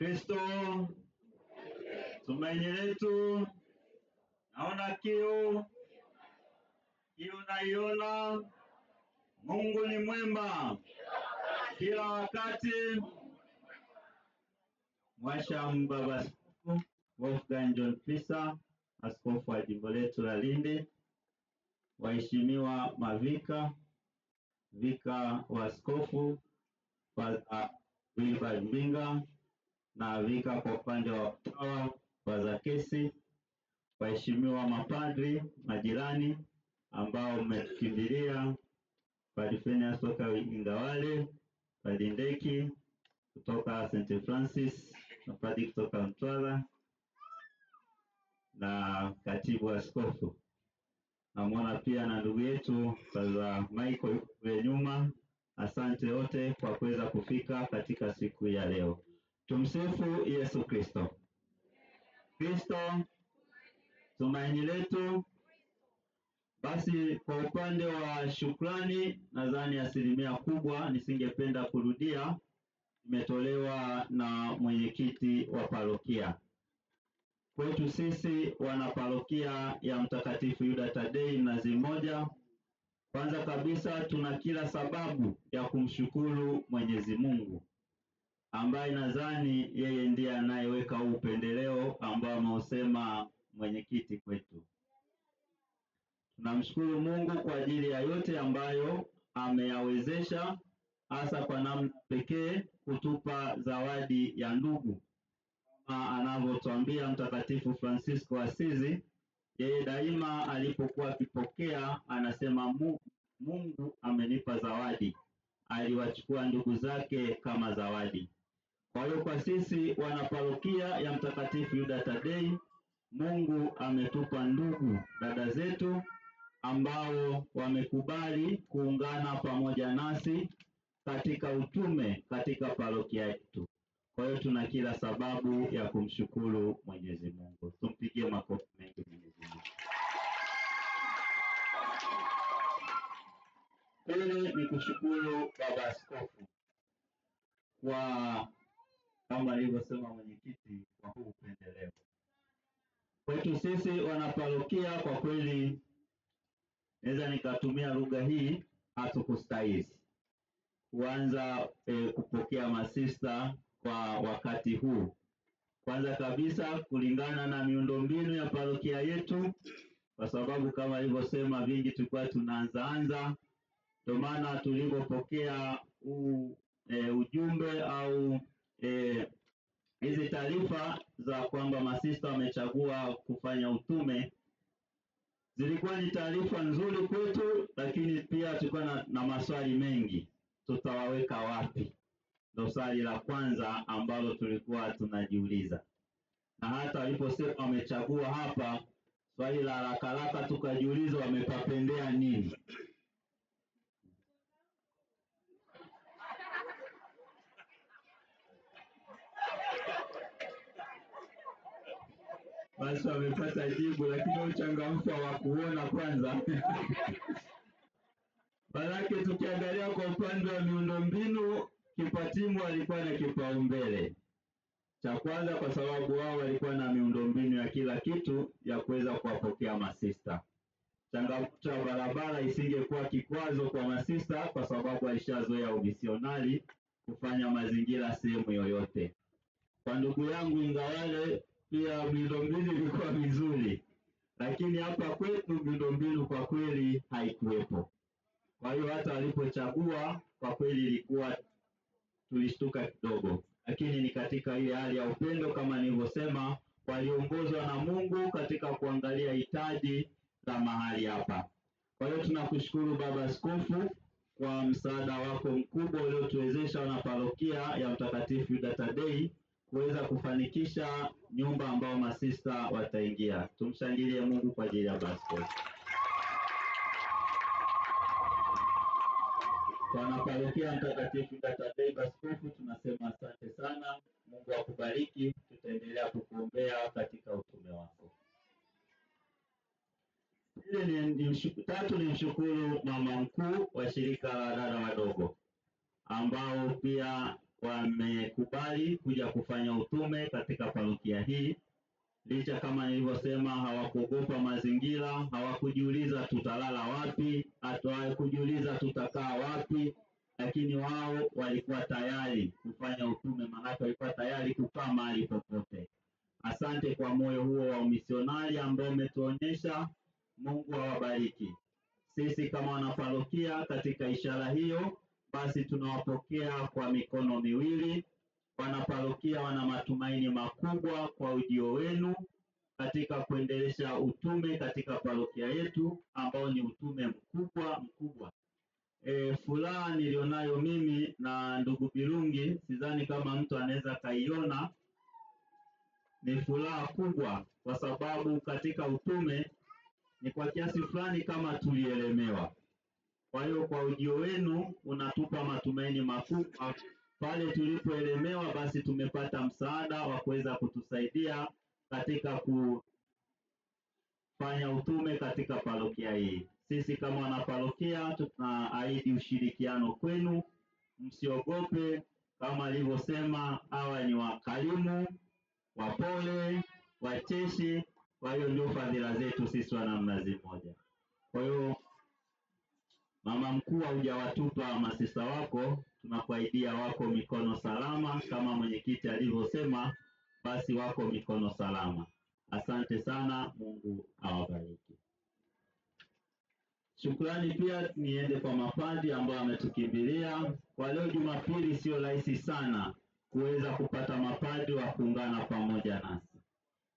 Kristo tumaini letu, naona kiu, kiu naiona. Mungu ni mwema kila wakati. Mwashamu Baba Askofu Wolfgang John Pisa, askofu wa jimbo letu la Lindi, waheshimiwa mavika, vika wa askofu Father Wilbard Mbinga na Avika kwa upande wa utawa wa Zakesi, waheshimiwa mapadri, majirani ambao mmetukimbilia, Padifenia kutoka Ingawale, Padindeki kutoka St. Francis na kutoka Mtwara na katibu askofu. Namwona pia na ndugu yetu Padri Michael kule nyuma. Asante wote kwa kuweza kufika katika siku ya leo. Tumsifu Yesu Kristo. Kristo tumaini letu. Basi kwa upande wa shukrani, nadhani asilimia kubwa, nisingependa kurudia, imetolewa na mwenyekiti wa parokia. Kwetu sisi wana parokia ya Mtakatifu Yuda Tadei Mnazi Mmoja, kwanza kabisa tuna kila sababu ya kumshukuru Mwenyezi Mungu ambaye nadhani yeye ndiye anayeweka upendeleo ambao ameusema mwenyekiti kwetu. Tunamshukuru Mungu kwa ajili ya yote ambayo ameyawezesha, hasa kwa namna pekee kutupa zawadi ya ndugu, kama anavyotuambia Mtakatifu Francisco Asizi, yeye daima alipokuwa akipokea anasema Mungu, Mungu amenipa zawadi, aliwachukua ndugu zake kama zawadi. Kwa hiyo kwa sisi wanaparokia ya Mtakatifu Yuda Tadei, Mungu ametupa ndugu dada zetu ambao wamekubali kuungana pamoja nasi katika utume katika parokia yetu. Kwa hiyo tuna kila sababu ya kumshukuru Mwenyezi Mungu. Tumpigie makofi mengi Mwenyezi Mungu. Pili ni kushukuru Baba Askofu kwa kama alivyosema mwenyekiti wa huu upendeleo. Kwetu sisi wanaparokia, kwa kweli naweza nikatumia lugha hii, hatukustahili kuanza e, kupokea masista kwa wakati huu. Kwanza kabisa kulingana na miundombinu ya parokia yetu, kwa sababu kama alivyosema vingi tulikuwa tunaanzaanza, ndio maana tulivyopokea huu e, ujumbe au Eh, hizi e, taarifa za kwamba masista wamechagua kufanya utume zilikuwa ni taarifa nzuri kwetu, lakini pia tulikuwa na, na maswali mengi, tutawaweka wapi? Ndo swali la kwanza ambalo tulikuwa tunajiuliza, na hata waliposema wamechagua hapa, swali la haraka haraka tukajiuliza wamepapendea nini? basi wamepata jibu, lakini uchangamfu kuona kwanza. Maanake tukiangalia kwa upande wa miundombinu, kipatimu walikuwa na kipaumbele cha kwanza, kwa sababu wao walikuwa na miundombinu ya kila kitu ya kuweza kuwapokea masista. Changamoto ya barabara isingekuwa kikwazo kwa masista, kwa sababu alishazoea umisionari kufanya mazingira sehemu yoyote. Kwa ndugu yangu Ingawale, pia miundombinu ilikuwa mizuri, lakini hapa kwetu miundombinu kwa kweli haikuwepo. Kwa hiyo hata walipochagua kwa kweli ilikuwa tulishtuka kidogo, lakini ni katika ile hali ya upendo kama nilivyosema, waliongozwa na Mungu katika kuangalia hitaji la mahali hapa. Kwa hiyo tunakushukuru Baba Askofu kwa msaada wako mkubwa uliotuwezesha wanaparokia ya Mtakatifu Yuda Tadei kuweza kufanikisha nyumba ambao masista wataingia. Tumshangilie Mungu kwa ajili ya Basco. Bwana Mtakatifu Ndatabe Baskofu, tunasema asante sana. Mungu akubariki, tutaendelea kukuombea katika utume wako. Tatu ni mshukuru mama mkuu wa shirika la dada wadogo ambao pia wamekubali kuja kufanya utume katika parokia hii, licha kama nilivyosema, hawakuogopa mazingira, hawakujiuliza tutalala wapi, hawakujiuliza tutakaa wapi, lakini wao walikuwa tayari kufanya utume, maanake walikuwa tayari kukaa mahali popote. Asante kwa moyo huo wa umisionari ambao umetuonyesha. Mungu awabariki. Sisi kama wanaparokia katika ishara hiyo basi tunawapokea kwa mikono miwili. Wanaparokia wana matumaini makubwa kwa ujio wenu katika kuendelesha utume katika parokia yetu ambao ni utume mkubwa mkubwa. E, furaha nilionayo mimi na ndugu Birungi sidhani kama mtu anaweza kaiona. Ni furaha kubwa kwa sababu katika utume ni kwa kiasi fulani kama tulielemewa kwa hiyo kwa ujio wenu unatupa matumaini makubwa. Pale tulipoelemewa, basi tumepata msaada wa kuweza kutusaidia katika kufanya utume katika parokia hii. Sisi kama wanaparokia tunaahidi ushirikiano kwenu, msiogope. Kama alivyosema, hawa ni wakarimu, wapole, wacheshi. Kwa hiyo ndio fadhila zetu sisi wa namna zimoja. Kwa hiyo Mama mkuu, hujawatupa masista wako, tunakuahidia wako mikono salama, kama mwenyekiti alivyosema, basi wako mikono salama. Asante sana, Mungu awabariki. Shukrani pia niende kwa mapadi ambao wametukimbilia kwa leo. Jumapili sio rahisi sana kuweza kupata mapadi wa kuungana pamoja nasi,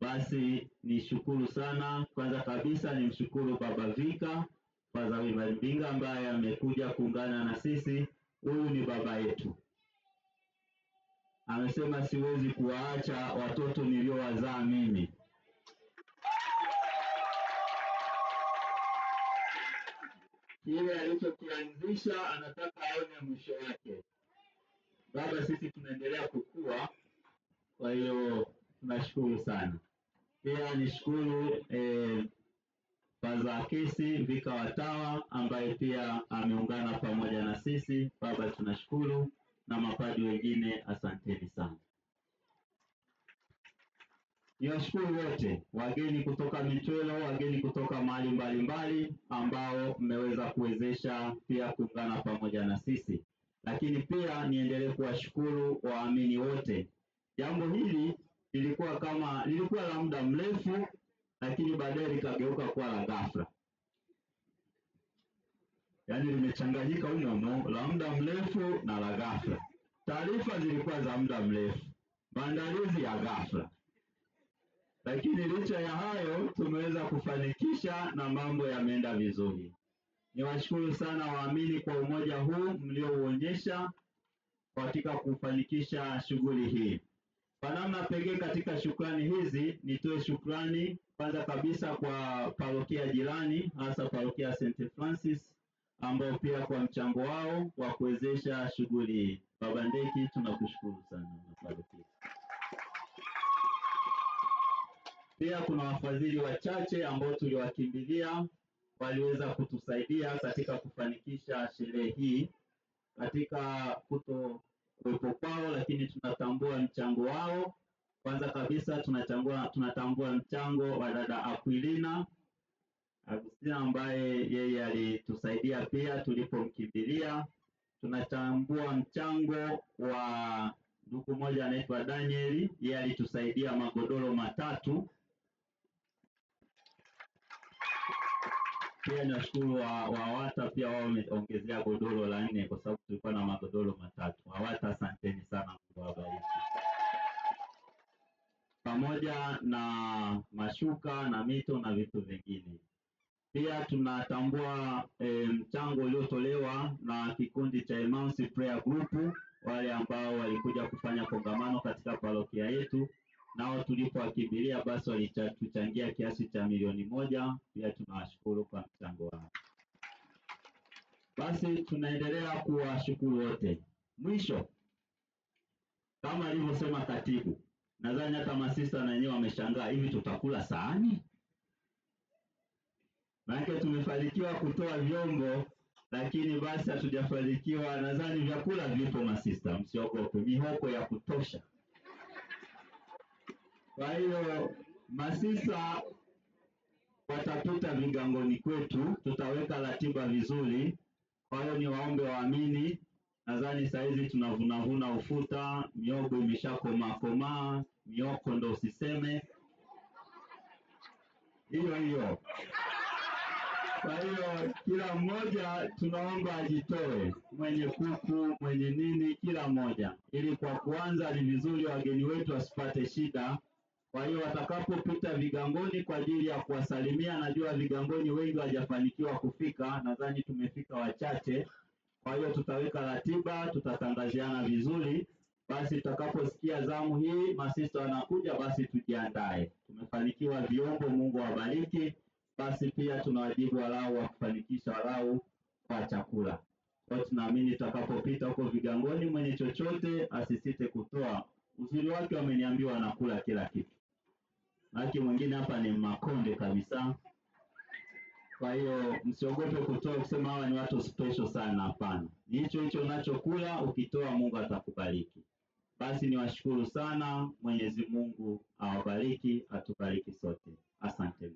basi nishukuru sana. Kwanza kabisa nimshukuru Baba Vika Zawima Odinga ambaye amekuja kuungana na sisi. Huyu ni baba yetu. Amesema siwezi kuwaacha watoto niliowazaa mimi. Kile alichokianzisha anataka aone mwisho wake. Baba, sisi tunaendelea kukua, kwa hiyo tunashukuru sana. Pia nishukuru eh, Bazakisi Vika Watawa ambaye pia ameungana pamoja na sisi. Baba tunashukuru, na mapadi wengine asanteni sana. Niwashukuru wote wageni kutoka Michwelo, wageni kutoka mahali mbalimbali ambao mmeweza kuwezesha pia kuungana pamoja na sisi, lakini pia niendelee kuwashukuru waamini wote. Jambo hili lilikuwa kama lilikuwa la muda mrefu lakini baadaye likageuka kuwa la ghafla, yaani limechanganyika unono la muda mrefu na la ghafla. Taarifa zilikuwa za muda mrefu, maandalizi ya ghafla, lakini licha ya hayo tumeweza kufanikisha na mambo yameenda vizuri. Niwashukuru sana waamini kwa umoja huu mliouonyesha katika kufanikisha shughuli hii. Kwa namna pekee katika shukrani hizi nitoe shukrani kwanza kabisa kwa parokia jirani hasa parokia St. Francis ambao pia kwa mchango wao wa kuwezesha shughuli hii. Baba Ndeki, tunakushukuru sana na parokia. Pia kuna wafadhili wachache ambao tuliwakimbilia waliweza kutusaidia katika kufanikisha sherehe hii katika kuto kuwepo kwao, lakini tunatambua mchango wao. Kwanza kabisa tunatambua, tunatambua mchango wa dada Aquilina Agustina ambaye yeye alitusaidia pia tulipomkimbilia. Tunatambua mchango wa ndugu mmoja anaitwa Danieli, yeye alitusaidia magodoro matatu Pia nashukuru wa WAWATA pia wao wameongezea godoro la nne kwa sababu tulikuwa na magodoro matatu. WAWATA asanteni sana, Mungu awabariki. Pamoja na mashuka na mito na vitu vingine. Pia tunatambua e, mchango uliotolewa na kikundi cha Emmaus Prayer Group wale ambao walikuja kufanya kongamano katika parokia yetu nao tulipowakimbilia basi walituchangia kiasi cha milioni moja. Pia tunawashukuru kwa mchango wao. Basi tunaendelea kuwashukuru wote. Mwisho, kama alivyosema katibu, nadhani hata masista na wenyewe wameshangaa, hivi tutakula sahani? Maanake tumefanikiwa kutoa vyombo, lakini basi hatujafanikiwa. Nadhani vyakula vipo, masista, msiogope, mihoko ya kutosha. Kwa hiyo masista watapita vigangoni kwetu, tutaweka ratiba vizuri. Kwa hiyo waombe waamini, nadhani sahizi tunavunavuna ufuta, miogo komaa mioko ndo usiseme hiyo hiyo. Kwa hiyo kila mmoja tunaomba ajitoe, mwenye kuku, mwenye nini, kila mmoja, ili kwa kuanza ni vizuri wageni wetu wasipate shida kwa hiyo watakapopita Vigangoni kwa ajili ya kuwasalimia, najua Vigangoni wengi hawajafanikiwa kufika, nadhani tumefika wachache. Kwa hiyo tutaweka ratiba, tutatangaziana vizuri. Basi tutakaposikia zamu hii masista wanakuja, basi tujiandae. Tumefanikiwa vyombo, Mungu awabariki. Basi pia tuna wajibu walau wa kufanikisha walau kwa chakula. Kwa hiyo tunaamini tutakapopita huko Vigangoni, mwenye chochote asisite kutoa. Uzuri wake wameniambiwa anakula kila kitu maki mwingine hapa ni makonde kabisa. Kwa hiyo msiogope kutoa kusema hawa ni watu special sana, hapana. Ni hicho hicho unachokula ukitoa, Mungu atakubariki. Basi niwashukuru sana, Mwenyezi Mungu awabariki, atubariki sote. Asante.